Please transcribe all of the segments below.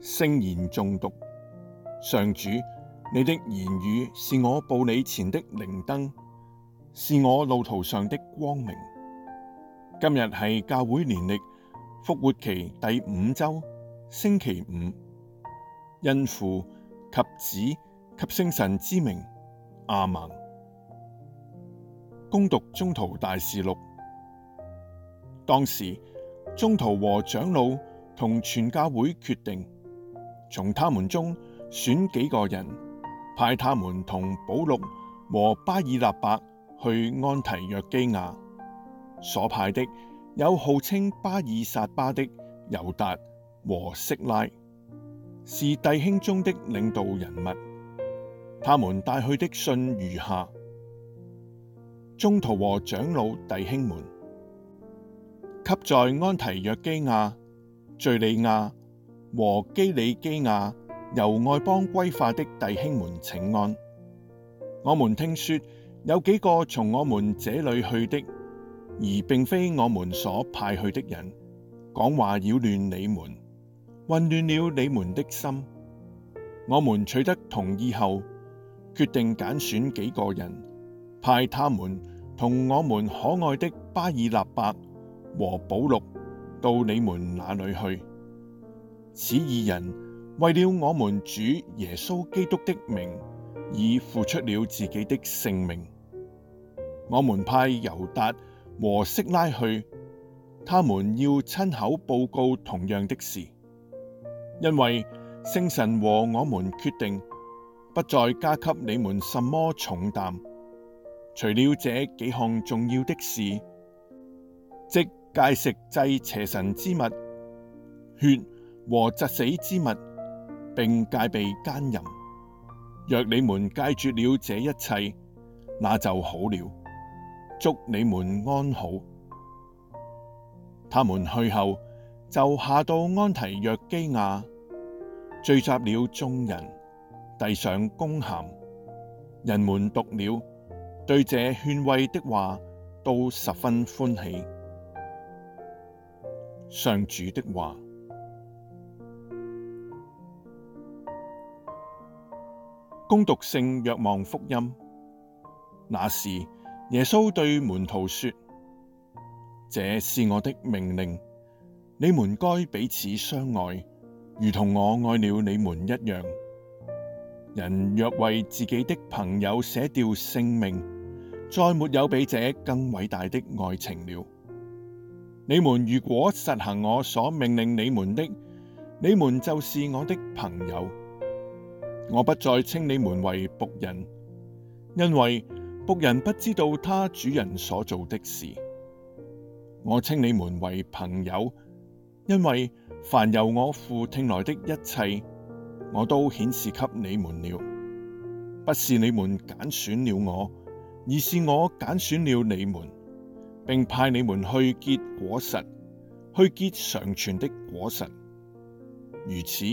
聖言誦讀，上主，你的言語是我步你前的靈燈，是我路途上的光明。今日係教會年曆復活期第五周星期五，因父及子及聖神之名，阿門。恭讀宗徒大事錄，當時宗徒和長老同全教會決定。從他們中選幾個人，派他們同保祿和巴爾納伯去安提約基雅。所派的有號稱巴爾撒巴的猶達和息拉，是弟兄中的領導人物。他們帶去的信如下：宗徒和長老弟兄們，給在安提約基雅、敘利亞。和基里基亞、由外邦歸化的弟兄們請安。我們聽說有幾個從我們這裏去的，而並非我們所派去的人，講話擾亂你們，混亂了你們的心。我們取得同意後，決定揀選幾個人，派他們同我們可愛的巴爾納伯和保祿到你們那裏去。此二人為了我們主耶穌基督的名，已付出了自己的性命。我們派猶達和息拉去，他們要親口報告同樣的事，因為聖神和我們決定不再加給你們什麼重擔，除了這幾項重要的事，即戒食祭邪神之物，血、和窒死之物，並戒避奸淫。若你們戒絕了這一切，那就好了。祝你們安好。他們去後，就下到安提約基雅，聚集了眾人，遞上公函。人們讀了，對這勸慰的話都十分歡喜。上主的話。恭讀聖若望福音，那時耶穌對門徒說：這是我的命令，你們該彼此相愛，如同我愛了你們一樣。人若為自己的朋友捨掉性命，再沒有比這更偉大的愛情了。你們如果實行我所命令你們的，你們就是我的朋友。我不再稱你們為僕人，因為僕人不知道他主人所做的事。我稱你們為朋友，因為凡由我父聽來的一切，我都顯示給你們了。不是你們揀選了我，而是我揀選了你們，並派你們去結果實，去結常存的果實。如此。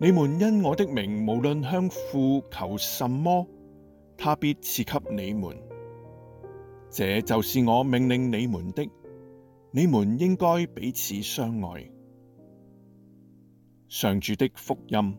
你們因我的名無論向父求什麼，他必賜給你們。這就是我命令你們的：你們應該彼此相愛。上主的福音。